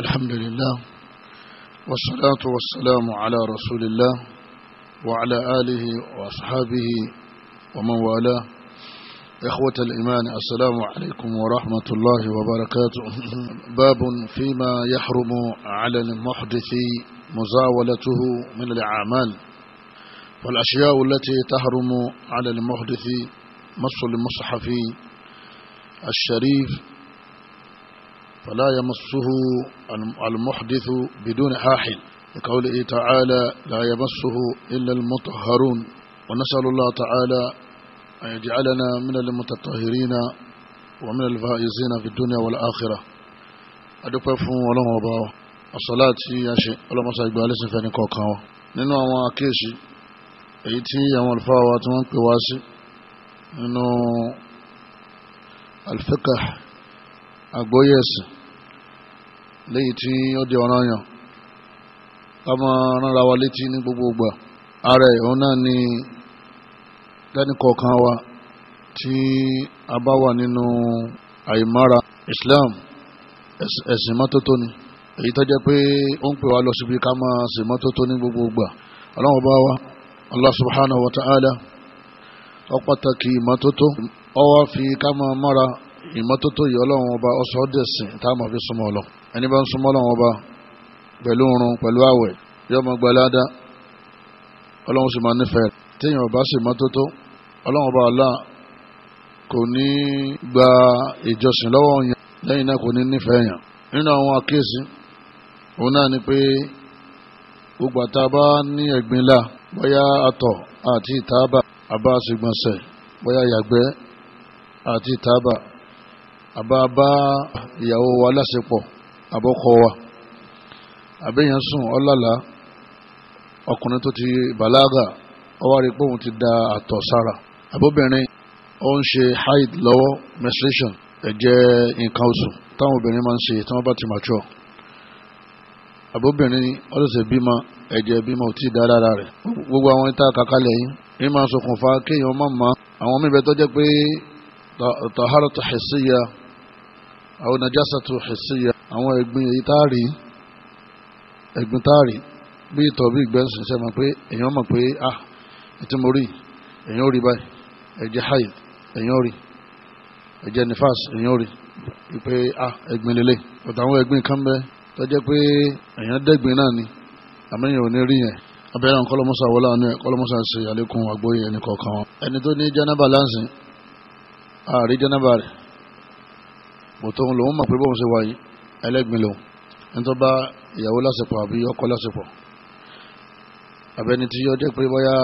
الحمد لله والصلاة والسلام على رسول الله وعلى آله وأصحابه ومن والاه إخوة الإيمان السلام عليكم ورحمة الله وبركاته باب فيما يحرم على المحدث مزاولته من الأعمال والأشياء التي تحرم على المحدث مص المصحف الشريف فلا يمسه المحدث بدون حاحل لقوله تعالى لا يمسه إلا المطهرون ونسأل الله تعالى أن يجعلنا من المتطهرين ومن الفائزين في الدنيا والآخرة أدوكم ولهم أباو الصلاة يا شيء ولم بها لسي فاني كوكاو nínú àwọn àkíyèsí èyí tí àwọn àlùfáà wa tí wọ́n pè leyi tí ó di ọ̀ràn yàn ká máa rárá wa létí ní gbogbo ara ẹ̀ òun náà ni lẹ́nìkọ̀ọ̀kan wa tí a bá wà nínú Islam ẹ̀sìn ni èyí tó jẹ́ pé ó ń pè wá lọ síbi ká máa ṣe mọ́tótó ní gbogbo ọlọ́run bá wa Allah subhanahu wa ta'ala pàtàkì ìmọ́tótó ọ wá fi ká máa ọba tá a máa fi súnmọ́ ẹni bá ń súnmọ́ Ọlọ́run ọba pẹ̀lú oorun pẹ̀lú àwẹ̀ yóò máa gba ládá Ọlọ́run sì máa nífẹ̀ẹ́ téèyàn ọba sì mọ́ tótó Ọlọ́run ọba Allah kò ní gba ìjọsìn lọ́wọ́ yẹn lẹ́yìn náà kò ní nífẹ̀ẹ́ yẹn nínú àwọn àkíyèsí òun náà ni pé gbogbo àtàbá ní ẹ̀gbin la bóyá àtọ̀ àti ìtaábà àbá ṣègbọ̀nsẹ̀ bóyá yàgbẹ́ àti ìtaábà àbá bá ìyàwó wa láṣepọ̀ àbọ́kọ wa àbẹ́yẹn sùn ọlọ́lá ọkùnrin tó ti bàlágà ọwọ́ rí pé òun ti da àtọ̀ sára àbóbìnrin ó ń ṣe haid lọ́wọ́ menstruation ẹ̀jẹ̀ nǹkan oṣù táwọn obìnrin máa ń ṣe tí wọ́n bá ti mature àbóbìnrin ọlọ́sẹ̀ bímọ ẹ̀jẹ̀ bímọ ò tí ì dá lára rẹ̀ gbogbo àwọn ìta kàkálẹ̀ yín ní máa ṣokùnfà kéèyàn má ma àwọn míbẹ̀ tó jẹ́ pé taharatu hissiya àwọn najasatu hissiya àwọn ẹ̀gbin èyí tá a rí ẹ̀gbin tá a rí bí ìtọ̀ bí ìgbẹ́sùn ṣe mọ̀ pé èèyàn mọ̀ pé ah ètí mo rí èèyàn rí báyìí ẹ̀jẹ̀ hayid èèyàn rí ẹ̀jẹ̀ nifas èèyàn rí pé ah ẹ̀gbin lélẹ̀ ọ̀tọ̀ àwọn ẹ̀gbin kan bẹ́ẹ̀ tó jẹ́ pé èèyàn dẹ́gbin náà ni àmẹ́yìn ò ní rí yẹn abẹ́rẹ́ kọ́lọ́mọ́sá wọlé àánú ẹ̀ kọ́lọ́mọ́sá ṣe àlékún àgbóyè ẹni kọ̀ọ̀kan wọn. ẹni tó ní jẹ́nàbà láǹsìn àárí jẹ́nàbà rẹ̀ bòtó òun lòún mọ̀ pé bóun ṣe wáyé ẹlẹ́gbin lòun ẹni tó bá ìyàwó lásìkò àbí ọkọ lásìkò abẹni tí yọ jẹ́ pé bóyá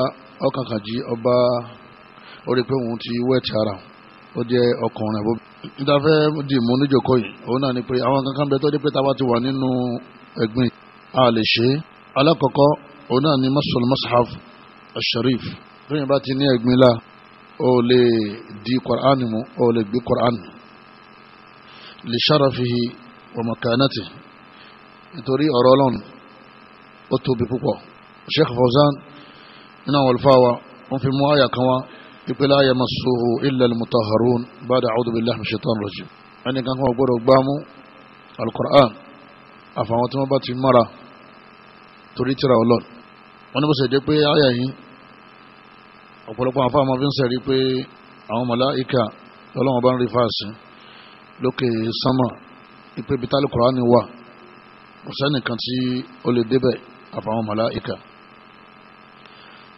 ọkàn kan jí ọba ó rí pé òun ti wẹ̀ ti ara ó jẹ́ ọkùnrin àbó. níta fẹ́ di mú níjòkó yìí òun náà ni pé àwọn kankan bẹ tó dé pé táwa ti wà nínú ẹ̀gbin a lè ṣe é alákọ̀ọ́kọ́ òun náà ni masul mashaf asharif lóyìn bá ti ní ẹ̀gbin la ó lè di Qur'an mu ó lè gbé Qur'an li sharafihi wàmọ̀kánátì nítorí ọ̀rọ̀ ọlọ́run ó tóbi púpọ̀ sheikh fawzan nínú àwọn olùfáwa wọn fi mú àyà kan wá ìpele àyà masuhu illal mutaharun bada a'udhu billahi minash shaitanir rajim ẹni kan kan gbọ́dọ̀ gbámú alukur'an àfàwọn tí wọ́n bá ti mara torí tíra ọlọ́run wọn ní bó ṣe jẹ́ pé àyà yìí ọ̀pọ̀lọpọ̀ àfáàmọ́ fi ń sẹ̀rí pé àwọn màláíkà ọlọ́run bá ń rí fáàsì lókè sánmà ipe bi tálí kùránì wà kò sẹ́nìkan tí ó lè débẹ̀ àfàwọn màláìka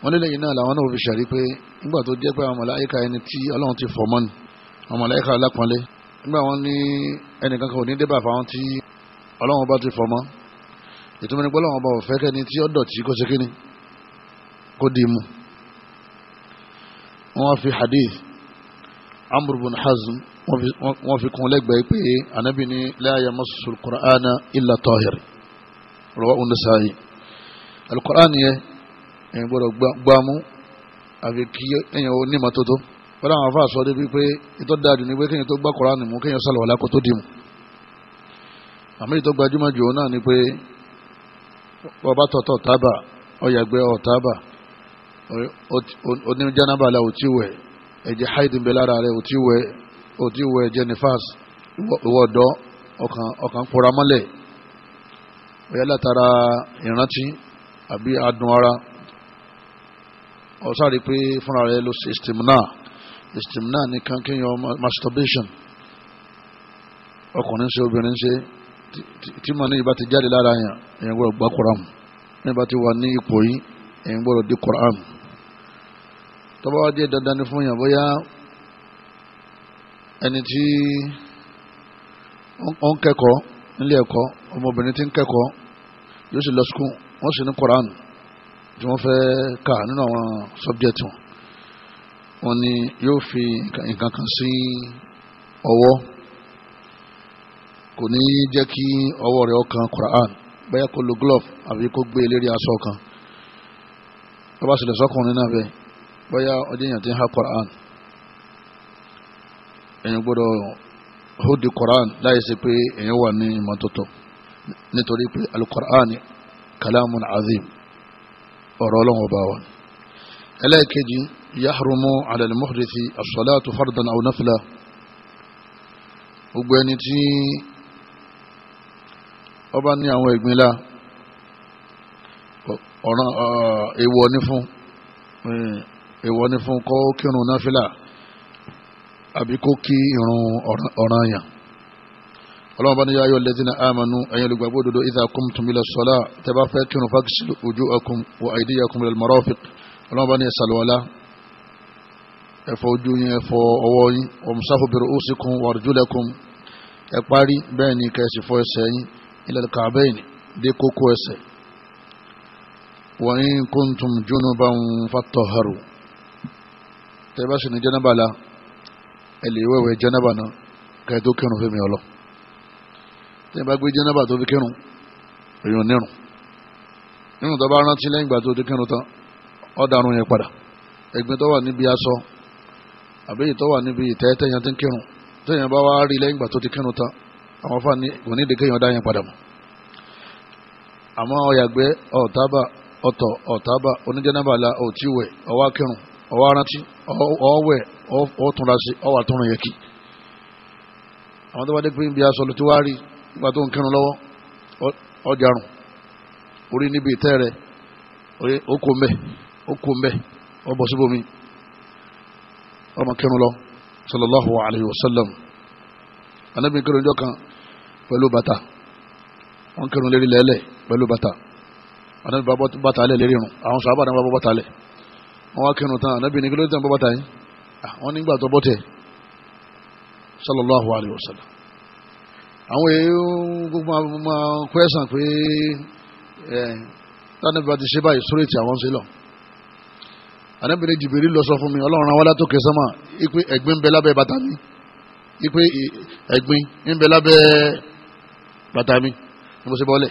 wọ́n lé lẹ́yìn náà làwọn náà fi ṣàrí pé nígbà tó jẹ́ pé àwọn màláìka ẹni tí ọlọ́run ti fọ̀ mọ́ni àwọn màláìka alápọ̀nlé nígbà wọn ní ẹnìkan kan ò ní débẹ̀ àfàwọn tí ọlọ́run bá ti fọ̀ mọ́ ìtumọ̀ ní pọ́lọ́wọ́n bá ọ̀fẹ́ kẹ́ni tí ó dọ̀tí kó ṣe kíni kó mu wọ́n fi hadith Hazm wọ́n fi kún lẹ́gbẹ̀ẹ́ pé anabi ní la yamassul qur'ana illa tahir rọwọ́ ọ̀hún sáyé alukur'an yẹ ẹ̀yin gbọ́dọ̀ gbámú àfi kí ẹ̀yin ò ní mọ́tótó wọ́n àwọn afa sọ débi pé ìtọ́ dáadù ní pé kéèyàn tó gbá kur'an mú kéèyàn sálọ̀ wàlá kó tó dì mú àmì ìtọ́ gbajúmọ̀ jù náà ni pé bàbá tọ̀tọ̀ tábà ọ̀yàgbẹ́ ọ̀tábà oníjànàbàlà ò tí wẹ̀ ẹ̀jẹ̀ haidin bẹ̀ lára rẹ̀ ò tí wẹ̀ òtí wọ ẹ̀jẹ̀ nifas ìwọ ọ̀dọ́ ọkàn ọkàn pọra mọ́lẹ̀ bóyá látara ìrántí àbí adùn ara ọ̀sáàrí pé fúnra rẹ̀ ló ṣe istimna istimna nìkan kéèyàn masturbation ọkùnrin ṣe obìnrin ṣe tí mọ̀ ní ìbá ti jáde lára yàn èyàn gbọ́dọ̀ gbá koran nígbà tí wà ní ipò yìí èyàn gbọ́dọ̀ di koran tọ́ba wá dé dandan ni fún yàn bóyá ẹni tí ó ń kẹ́kọ̀ọ́ nílé ẹ̀kọ́ ọmọbìnrin tí ń kẹ́kọ̀ọ́ yóò sì lọ skul wọ́n sì ní Quran tí wọ́n fẹ́ kà nínú àwọn subject wọn wọ́n ní yóò fi nǹkan kan sí ọwọ́ kò ní jẹ́ kí ọwọ́ rẹ̀ ọkàn Quran bẹ́ẹ̀ kó lo glove àbí kó gbé eléré aṣọ kan tó bá sì lè sọ́kùnrin náà bẹ́ẹ̀ bóyá ọdún yẹn ti ń ha Quran èyàn gbọ́dọ̀ hóde Quran láyé ṣe pé èyàn wà ní ìmọ́tótó nítorí pé alukur'an kalamun azim ọ̀rọ̀ ọlọ́run ọba wa ẹlẹ́ẹ̀kejì yahrumu alalmuhdisi asalatu fardan aw nafla gbogbo ẹni tí ọba ní àwọn ìgbìnlá ọ̀ràn èèwọ̀ ní fún èèwọ̀ ní fún kó kírun náfìlà àbí kó kí irun ọ̀ranyàn ọlọ́run bá ní yá ayọ̀ lẹ́tí ní àmànú ẹ̀yin olùgbàgbọ́ òdodo idha qumtum ila sọ́lá tẹ́ bá fẹ́ kírun faghsilu wujuhakum wa aydiyakum ila al-marafiq ọlọ́run bá ní ẹ̀sàlùwọ́lá ẹ̀fọ́ ojú yín ẹ̀fọ́ ọwọ́ yín wamsahu bi ru'usikum wa arjulakum ẹ parí bẹ́ẹ̀ ni kẹsì fọ ẹsẹ̀ yín ila ẹ lè wẹ̀wẹ̀ jẹ́nẹ́bà náà kẹ́ẹ̀ tó kírun fún mi ọlọ́ tẹ́ẹ̀ bá gbé tó fi kírun èèyàn nírun nínú tó bá rántí lẹ́yìn ìgbà tó ti kírun tán yẹn padà ẹ̀gbin tó wà níbi aṣọ àbí tó wà níbi ìtẹ́ tẹ́yàn ti ń bá wá rí ìgbà tó ti kírun tán àwọn fáà ní kò ní ìdíkẹ́ yẹn dá yẹn padà mọ́ àmọ́ ọwá ọwá rántí ọ túnra sí ọ wà túnra yẹn kì àwọn tó bá dé pé ibi aṣọ ló ti wá rí nígbà tó ń kírun lọ́wọ́ ọjà rùn orí níbi ìtẹ́ rẹ̀ ó kó mbẹ́ ó kó mbẹ́ ó bọ̀ síbòmí ọmọ kírun lọ sallallahu alayhi wa sallam anabi kírun jọ kan pẹ̀lú bàtà wọn kírun lérí lẹ́lẹ̀ pẹ̀lú bàtà anabi bàtà lẹ̀ lérí rùn àwọn sàhábà náà bá bàtà lẹ̀ wọn wá kírun tán anabi ní kí ló dé tán yìí. Ah, wọ́n nígbà tó bọ́tẹ̀ sallallahu alayhi wa sallam àwọn èèyàn gbogbo máa kọ́ ẹ̀sán pé tani bá ti ṣe báyìí sórí ti àwọn ṣe lọ anábìrin jìbìrì lọ sọ fún mi ọlọ́run àwọn alátó kẹsàn máa ipe ẹ̀gbin ń bẹ lábẹ́ bàtà mi ipe ẹ̀gbin ń bẹ lábẹ́ bàtà mi ni mo ṣe bọ́lẹ̀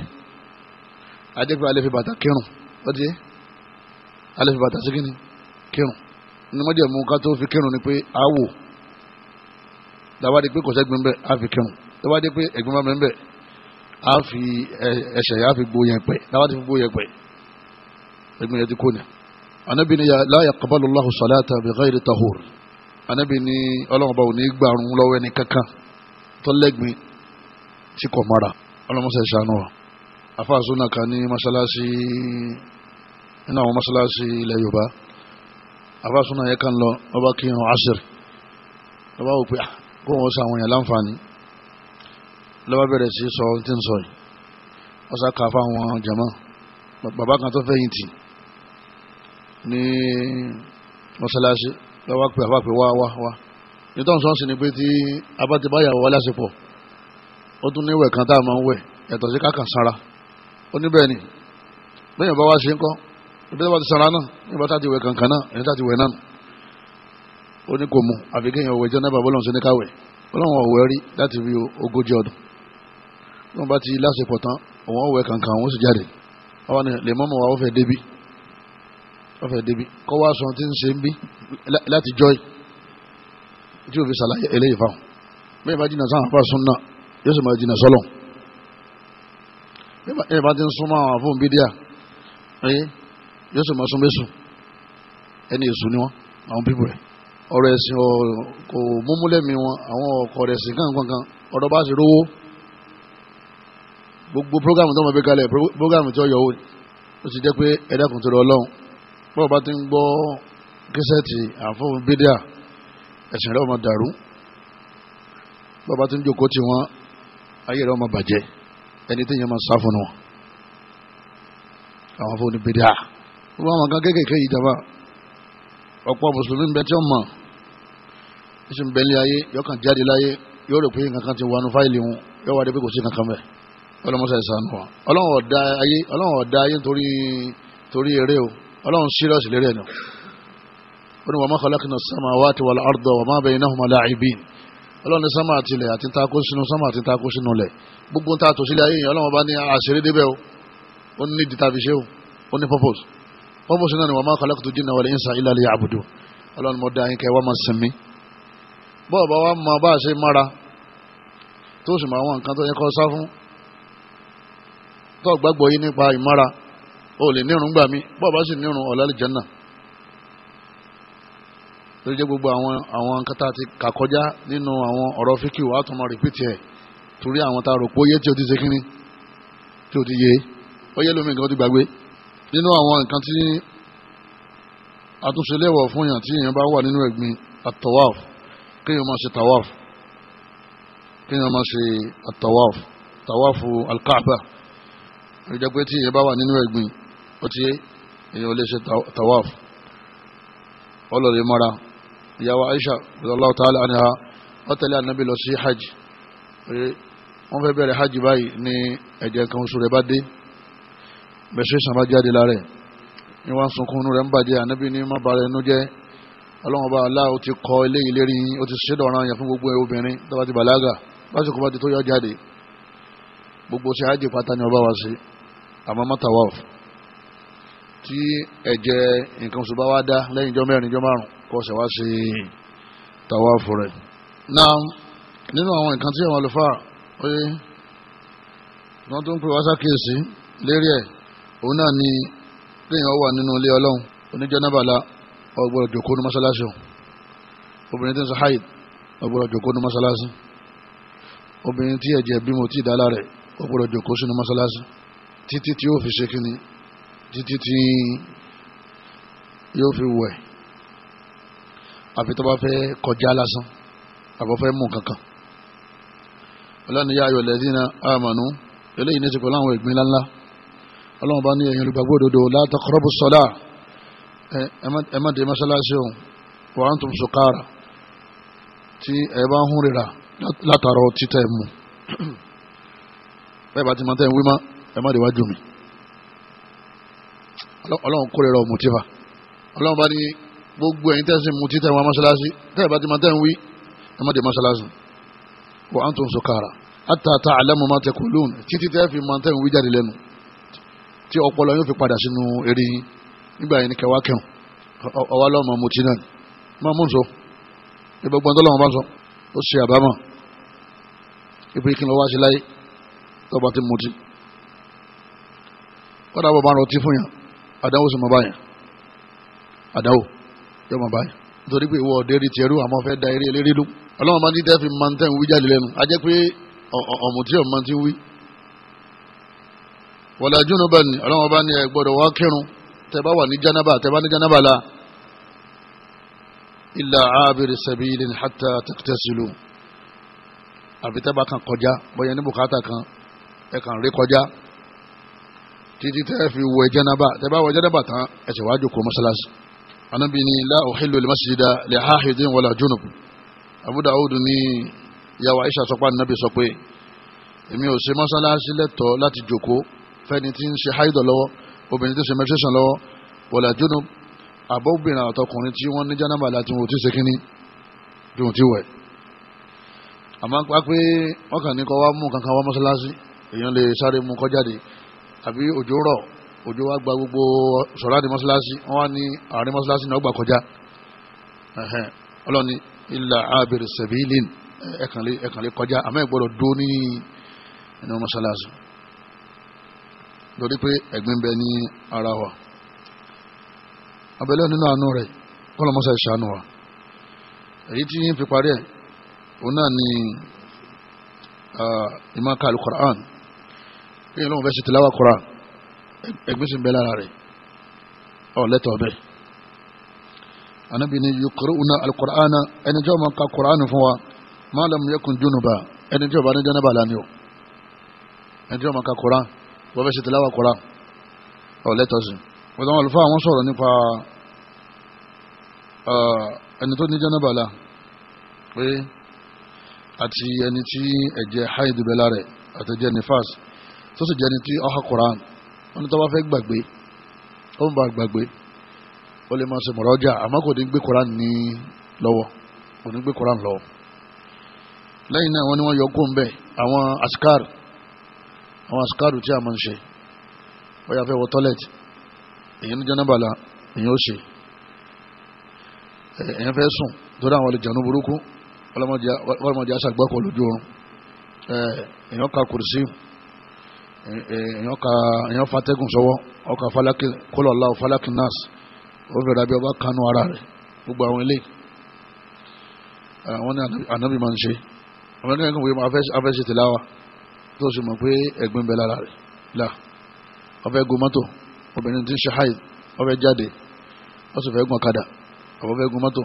adékùn alẹ́ fi bàtà kírun ó ti yẹ alẹ́ fi bàtà sí kíni kírun ní mọ́jẹ̀mú ká tó fi kírun ni pé a wò dábàdí pé kò sẹ́gbin bẹ́ẹ̀ a fi kírun dábàdí pé ẹ̀gbin bá bẹ́ẹ̀ a fi ẹ̀ṣẹ̀ yà á fi gbó yẹn pẹ̀ dábàdí fi gbó yẹn pẹ̀ ẹ̀gbin yẹn ti kó ni. anabi ni la yaqbalu Allahu salata bi ghayri tahur anabi ni ọlọ́run bá òní gbàrún lọ́wọ́ ẹni kankan tó lẹ́gbin tí mara ọlọ́mọṣẹ́ ṣàánú wa afáàsúnà kan ní mọ́ṣáláṣí nínú àwọn mọ́ṣáláṣí ilẹ̀ Yorùbá àfàsúnà yẹn kàn lọ ọba kí hàn àṣírí ọba wò pé ah, kó wọn sọ àwọn yẹn láǹfààní lọ́ba bẹ̀rẹ̀ sí sọ tí ń sọ yìí wọ́n sá kà fáwọn jàmá bàbá kan tó fẹ̀yìn tì ní mọ́sálásí lọ́wọ́ pé àbá pé wá wá wá nítorí sọ́ọ́sì ni pé tí abátibáyàwó wá lásìkò ó tún níwẹ̀ kan tá a máa ń wẹ̀ ẹ̀tọ́ sí kákan sára ó ní bẹ́ẹ̀ ni bẹ́ẹ̀ bá wá ṣe ń kọ́ ibi tó bá ti sanra náà nígbà tá a ti wẹ̀ kankan náà nígbà tá a ti wẹ̀ náà ó ní kò mu àfi kéèyàn wẹ̀ jẹ́ nábà bọ́lọ́run sí ní káwẹ̀ bọ́lọ́run ọ̀wẹ́ rí láti fi ogójì ọdún tí wọ́n bá ti lásìkò tán òun ọ̀wẹ́ kankan òun sì jáde àwọn ni lè mọ́mọ́ wa ó fẹ́ débi ó fẹ́ débi kọ́ wá sọ tí ń ṣe ń bí láti jọ́ tí òfin ṣàlàyé eléyìí fáwọn bẹ́ẹ̀ bá jìnnà sáwọn afá súnà yóò sì máa jìnnà sọ́lọ̀ bẹ́ẹ̀ bá ti ń súnmọ́ àwọn àfọ̀nbídíà yóò sì máa sún bẹ́sù ẹni èṣù ni wọn àwọn pípọ̀ rẹ̀ ọ̀rọ̀ ẹ̀sìn kò múmúlẹ́mí wọn àwọn ọkọ̀ rẹ̀ sí kankan ọ̀rọ̀ bá sì rówó gbogbo programu tó máa gbé kalẹ̀ programu tí ó yọ owó ó ti jẹ́ pé ẹ̀dẹ́kùn tó lọ ọlọ́run bọ́ọ̀ bá ti ń gbọ́ kíṣẹ́ẹ̀tì àfọ̀hún bídíà ẹ̀sìn rẹ̀ ọmọ dàrú bọ́ọ̀ bá ti ń jókòó tí wọ́n ayé rẹ̀ ọmọ bàjẹ́ ẹni tí yẹn máa sá fún wọn àwọn afọ̀hún bídíà wọ́n àwọn kan kéékèèké yìí jàmbá ọ̀pọ̀ mùsùlùmí ń bẹ tí ó mọ̀ ó sì ń bẹ ní ayé yóò kàn jáde láyé yóò rò pé nǹkan kan ti wà nù fáìlì wọn yóò wá dé pé kò sí kankan bẹ́ẹ̀ ọlọ́mọṣà ìsànù wa ọlọ́run ọ̀dà ayé ọlọ́run ọ̀dà ayé nítorí torí eré o ọlọ́run sírọ́ọ̀sì lérè ni ó ní wa ma khalaqna samawati wal arda wa ma baynahuma la'ibin ọlọ́run ní sámà àtìlẹ̀ àti takó sínú sámà àti takó sínú lẹ̀ gbogbo ń ta ayé yẹn ọlọ́run bá ní àṣírí débẹ̀ o ó ní ìdí o ó ní purpose wọ́n bọ̀ sí náà ni wa ma khalaqtu jinna wal insa illa liya'budun ọlọ́run mọ̀ dá yín kẹ́ wọ́n máa sinmi bọ́ọ̀ bá wá mọ bá a ṣe mára tó sì máa wọn nǹkan tó yẹ kọ́ sá fún tó gbàgbọ́ yín nípa ìmára o lè nírun gbà mí bọ́ọ̀ bá sì nírun ọ̀làlẹ̀ jẹ́nà lórí jẹ́ gbogbo àwọn àwọn nǹkan tá a ti kà kọjá nínú àwọn ọ̀rọ̀ fíkì wàá rìpítì nínú àwọn nǹkan tí àtúnṣe léwọ̀ fún yàn tí èèyàn bá wà nínú ẹ̀gbin àtọ̀wáf kéèyàn máa ṣe tàwáf kéèyàn máa ṣe àtọ̀wáf tàwáfù alkaaba ìjọ pé tí èèyàn bá wà nínú ẹ̀gbin ó ti èèyàn lè ṣe tàwáf ọlọ́rẹ̀ mara ìyàwó Aisha radiyallahu ta'ala anha ó tẹ̀lé ànábì lọ sí hajj wọ́n fẹ́ bẹ̀rẹ̀ hajj báyìí ní ẹ̀jẹ̀ kan oṣù rẹ̀ bá dé bẹ̀ṣẹ̀ sàn bá jáde lára ẹ̀ ni wọ́n sunkún inú rẹ̀ ń bàjẹ́ ànábì ní má bàrẹ̀ inú jẹ́ ọlọ́run bá aláà ó ti kọ ilé ìlérí ó ti ṣe dọ̀ràn yẹn fún gbogbo obìnrin tó bá ti bàlágà lásìkò bá ti tó yọ jáde gbogbo ṣe ájì pátá ni ọba wa ṣe àmọ́ mọ́ta wà fún tí ẹ̀jẹ̀ nǹkan oṣù bá wá dá lẹ́yìn ijọ́ mẹ́rin ijọ́ márùn kọ́ ṣe wá ṣe tàwáàfù rẹ̀ náà nínú àwọn nǹkan tí àwọn àlùfáà ó yé wọ́n tó ń pè wá sákèésí lérí ẹ̀ òun náà ni léèyàn wà nínú ilé ọlọ́run oníjànábàlá ò gbọ́dọ̀ jòkó ní mọ́ṣáláṣí o obìnrin tí ń sọ haid ò gbọ́dọ̀ jòkó ní mọ́ṣáláṣí obìnrin tí ẹ̀jẹ̀ bímọ tí ìdálá rẹ̀ ò gbọ́dọ̀ jòkó sínú mọ́ṣáláṣí títí tí yóò fi ṣe kíni títí tí yóò fi wẹ̀ àfi tó bá fẹ́ kọjá lásán àbọ̀fẹ́ mú kankan ọlọ́ni yá ayọ̀ lẹ́dínà àmànú eléyìí ní ti pẹ̀lú àwọn ìgbín ńláńlá ọlọ́run bá ní ẹ̀yin olùgbàgbọ́ òdodo la taqrabu salah ẹ má dé mọ́ṣáláṣí o wa antum sukara tí ẹ bá ń hún rira látara ọtí tẹ́ ẹ mú bẹ́ẹ̀ bá ti máa tẹ́ ẹ wí má ẹ má dé wájú mi ọlọ́run kó rira ọ̀mùtí fa ọlọ́run bá ní gbogbo ẹ̀yin tẹ́sí mu títẹ̀ wọn mọ́ṣáláṣí tẹ́ẹ̀ bá ti máa tẹ́ ń wí ẹ má dé mọ́ṣáláṣí wa antum sukara hatta ta'lamu ma taqulun títí tẹ́ẹ̀ fi máa tẹ́ ń wí jáde lẹ́nu tí ọpọlọ yóò fi padà sínú eré yín nígbà yẹn ni kẹwàá kẹun ọwá lọ́mọ mutí náà máa mú nsọ ìbọn gbọ́n tọ́lọ́mọ bá sọ ó ṣe àbámọ̀ ìpè kí n lọ wá sí láyé tọ́ba ti mutí kọ́dà bọ̀ bá ń rọtí fún yàn àdáwò sì mọ̀ báyàn àdáwò yóò mọ̀ báyàn nítorí pé ìwọ ọ̀dẹ́ rí tiẹ̀rú àmọ́ fẹ́ da eré eléré ló ọlọ́mọ bá ní tẹ́ fi máa ń tẹ́ ń wí jáde lẹ́nu wí wala junuban ọlọ́wọ́n bá ní ẹ gbọ́dọ̀ wá kírun tẹ bá wà ní janaba tẹ bá ní janaba la illa abiri sabilin hatta taqtasilu àbí tẹ́ bá kan kọjá bóyá ní bùkátà kan ẹ kàn rí kọjá títí tẹ́ fi wọ janaba tẹ́ bá wọ janaba tán ẹ sì wájú kó mọ́sálásí anabi ni la uhillu lil masjida li hahidin wala junub Abu Dawud ni yàwó Aisha sọ pé anabi sọ pé èmi ò ṣe mọ́sálásí lẹ́tọ̀ọ́ láti fẹ́ni tí ń ṣe haidọ̀ lọ́wọ́ obìnrin tó ṣe menstruation lọ́wọ́ wọ̀là jóná àbọ̀bìnrin àtọkùnrin tí wọ́n ní jánábà láti wọn ò tí ṣe kínní bí wọn ti wẹ̀. àmọ́ pa pé wọ́n kàn ní kọ́ wá mú kankan wá mọ́ṣáláṣí èèyàn lè sáré mú kọ́ jáde àbí òjò rọ̀ òjò wá gba gbogbo sọ̀rọ̀ àdé mọ́ṣáláṣí wọ́n wá ní àárín mọ́ṣáláṣí náà gbà kọjá ọlọ́ni ilà abir sabilin ẹ̀kànlé kọjá àmọ́ ìgbọ́dọ̀ dó ní inú mọ́ṣáláṣí lórí pé ẹ̀gbin bẹ ní ara wa abẹ́lẹ́ nínú àánú rẹ̀ kọ́lọ́mọ́sá ìṣàánú wa èyí tí yín fi parí ẹ̀ òun náà ni ìmọ̀ọ́ká alukur'an bí ìlú òfẹ́ ṣe ti láwà kura ẹ̀gbin sì ń bẹ lára rẹ̀ ọ̀ lẹ́tọ̀ ọ̀bẹ anabi ni yukuruna alukur'an ẹni jọ́ ma ka kur'an fún wa máa lam yakun junuba ẹni jọ́ bá ní jẹ́ ní ni o ẹni jọ́ ma ka kur'an wọ́n fẹ́ ṣe tìláwà kọ́ra ọ̀lẹ́tọ̀ sí wọ́n tàwọn àlùfáà àwọn sọ̀rọ̀ nípa ẹni tó ní jẹ́nàbàlá pé àti ẹni tí ẹ̀jẹ̀ haid bẹ́lá rẹ̀ àti ẹ̀jẹ̀ nifas tó sì jẹ́ ẹni tí ọha kọ́ra wọn ni tó bá fẹ́ gbàgbé ó ń bá gbàgbé ó lè máa ṣe mọ̀rọ̀ àmọ́ kò ní gbé koran ní lọ́wọ́ kò ní gbé koran lọ́wọ́ lẹ́yìn náà wọ́n ní wọ́n yọ kó ń bẹ̀ àwọn askar àwọn àsìkáàdù tí a máa ń ṣe bóyá fẹ́ wọ tọ́lẹ̀tì èyàn ní jẹ́nàbàlá èyàn ó ṣe èyàn fẹ́ sùn tó dáwọn olùjànú burúkú ọlọ́mọdé aṣàgbọ́kọ̀ lójú oorun èyàn ka kùrìsí èyàn fatẹ́gùn sọ́wọ́ ọkà falaki kólọ̀lá falaki nas ó fẹ́ rabi ọba kanu ara rẹ̀ gbogbo àwọn ilé àwọn ní ànábì máa ń ṣe àwọn ní ẹ̀kọ́ wíwọ́n afẹ́ ṣe tìláwà tó sì mọ̀ pé ẹ̀gbin bẹ lára rẹ̀ là ọfẹ́ gun mọ́tò obìnrin tí ń ṣe haid ọfẹ́ jáde ó gun ọ̀kadà ọfẹ́ gun mọ́tò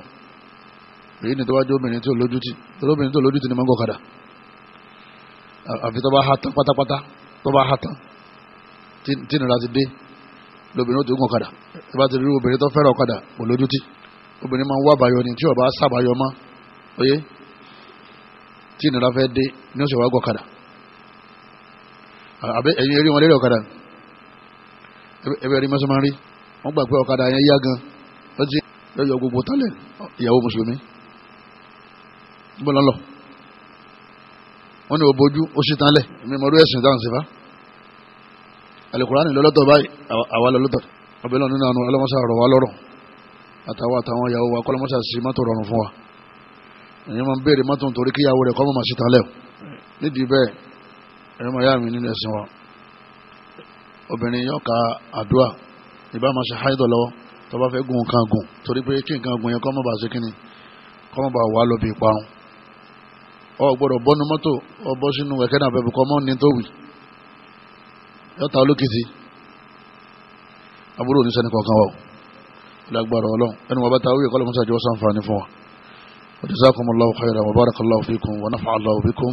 èyí ni tó wájú obìnrin tí ò lójútì olóbìnrin tí ò lójútì ni máa ń gun ọ̀kadà àfi tó bá ha tán pátápátá tó bá ha tán tí nira ti dé lóbìnrin ó ti gun ọ̀kadà ẹ bá ti rí obìnrin tó fẹ́ràn ọ̀kadà kò lójútì obìnrin máa ń wá àbáyọ ni tí ọba sábàáyọ mọ́ oyé tí nira fẹ́ dé ní ó sì wá gun ọ̀kadà ẹ̀yìn eré wọn lérí ọ̀kadà ẹbẹ̀ rí mọ́sánmá rí wọ́n gbà pé ọ̀kadà yẹn yá gan lọ́tí yọ gbogbo tálẹ̀ ìyàwó mùsùlùmí gbọ́nlọ́lọ́ wọ́n ní obojú ó sì tánlẹ̀ mímọ́rú ẹ̀sìn dáhùn sífá alukurani lọ́lọ́tọ̀ báyìí àwa lọ́lọ́tọ̀ ọbẹ̀ lọ́nà nínú ọlọ́mọṣà rọ̀ wá lọ́rọ̀ àtàwọn àtàwọn ìyàwó wa kọ́lọ́mọṣà sí mọ́tò rọrùn fún wa èyí máa ń béèrè mọ́tò nítorí kíyàwó rẹ̀ kọ́ màá sí tánlẹ̀ nídìí bẹ́ẹ̀ ẹ̀rọ ya mi nínú ẹ̀sìn wa obìnrin yóò ka àdúà ìbá máa ṣe háìdọ̀ lọ́wọ́ tó bá fẹ́ gun nǹkan gùn torí pé kí nǹkan gùn yẹn kọ́ mọ̀ bá ṣe kíni kọ́ mọ̀ bá wà lọ bí ìparun ọ gbọ́dọ̀ bọ́nu mọ́tò ọ bọ́ sínú ẹ̀kẹ́ náà bẹ̀bù kọ́ mọ́ ní tó wì yọta olókìtì aburú oníṣẹ́ni kọ̀ọ̀kan wọ̀ lágbára ọlọ́run ẹni wọ́n bá ta wíyẹ kọ́lọ́mọ́sá jọ sáǹfààní fún wa wa jazakumullahu khairan wa barakallahu fikum wa nafa'allahu bikum